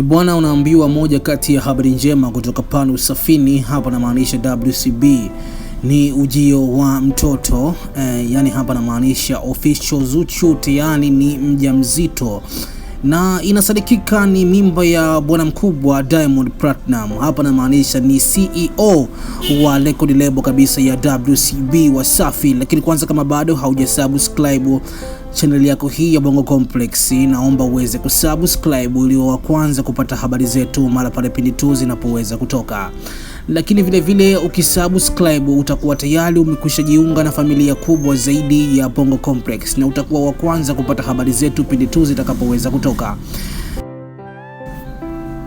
E bwana, unaambiwa moja kati ya habari njema kutoka pano Usafini, hapa namaanisha WCB ni ujio wa mtoto eh, yani hapa namaanisha official Zuchu tayari ni mjamzito na inasadikika ni mimba ya bwana mkubwa Diamond Platinum. Hapa namaanisha ni CEO wa record label kabisa ya WCB Wasafi. Lakini kwanza, kama bado subscribe chaneli yako hii ya Bongo Complex, naomba uweze kusubscribe ili wa kwanza kupata habari zetu mara pale pindi tu zinapoweza kutoka. Lakini vile vile ukisubscribe utakuwa tayari umekwisha jiunga na familia kubwa zaidi ya Bongo Complex na utakuwa wa kwanza kupata habari zetu pindi tu zitakapoweza kutoka.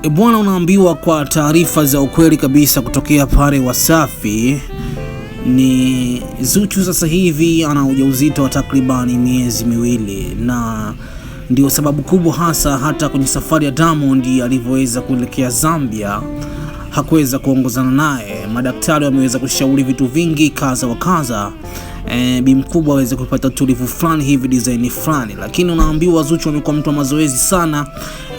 E bwana, unaambiwa kwa taarifa za ukweli kabisa kutokea pale Wasafi. Ni Zuchu sasa hivi ana ujauzito wa takribani miezi miwili na ndio sababu kubwa hasa hata kwenye safari ya Diamond alivyoweza kuelekea Zambia hakuweza kuongozana naye. Madaktari wameweza kushauri vitu vingi kaza wa kaza eh, bi mkubwa aweze kupata utulivu fulani hivi design fulani, lakini unaambiwa Zuchu amekuwa mtu wa mazoezi sana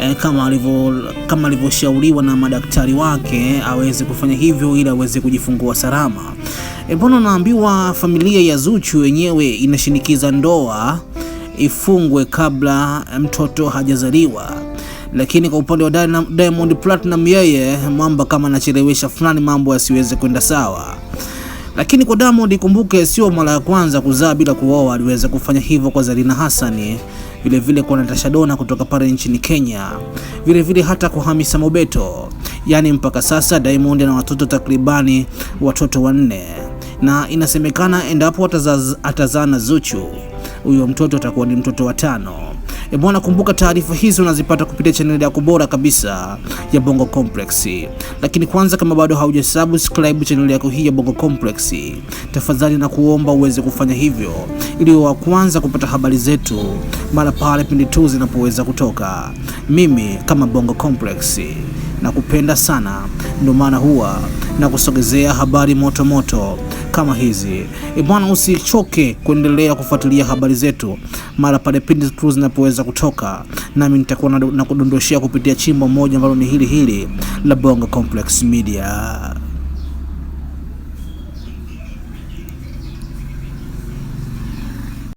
eh, kama alivyo kama alivyoshauriwa na madaktari wake eh, aweze kufanya hivyo ili aweze kujifungua salama. Eh, mbona unaambiwa familia ya Zuchu yenyewe inashinikiza ndoa ifungwe kabla mtoto hajazaliwa lakini kwa upande wa Diamond Platinum, yeye mwamba kama anachelewesha fulani mambo yasiweze kwenda sawa. Lakini kwa Diamond, ikumbuke sio mara ya kwanza kuzaa bila kuoa. Aliweza kufanya hivyo kwa Zarina vile vilevile kwa Natasha Dona kutoka pale nchini Kenya, vilevile vile hata kwa Hamisa Mobeto. Yaani mpaka sasa Diamond ana watoto takribani watoto wanne, na inasemekana endapo atazaa na Zuchu, huyo mtoto atakuwa ni mtoto wa tano. E bwana, kumbuka taarifa hizi unazipata kupitia chaneli yako bora kabisa ya Bongo Complex. Lakini kwanza, kama bado hauja subscribe chaneli yako hii ya Bongo Complex, tafadhali na kuomba uweze kufanya hivyo ili wa kwanza kupata habari zetu mara pale pindi tu zinapoweza kutoka. Mimi kama Bongo Complex na kupenda sana, ndio maana huwa na kusogezea habari moto moto kama hizi. E bwana, usichoke kuendelea kufuatilia habari zetu mara pale pindi tu zinapoweza kutoka, nami nitakuwa na kudondoshea kupitia chimbo moja ambalo ni hili hili la Bongo Complex Media.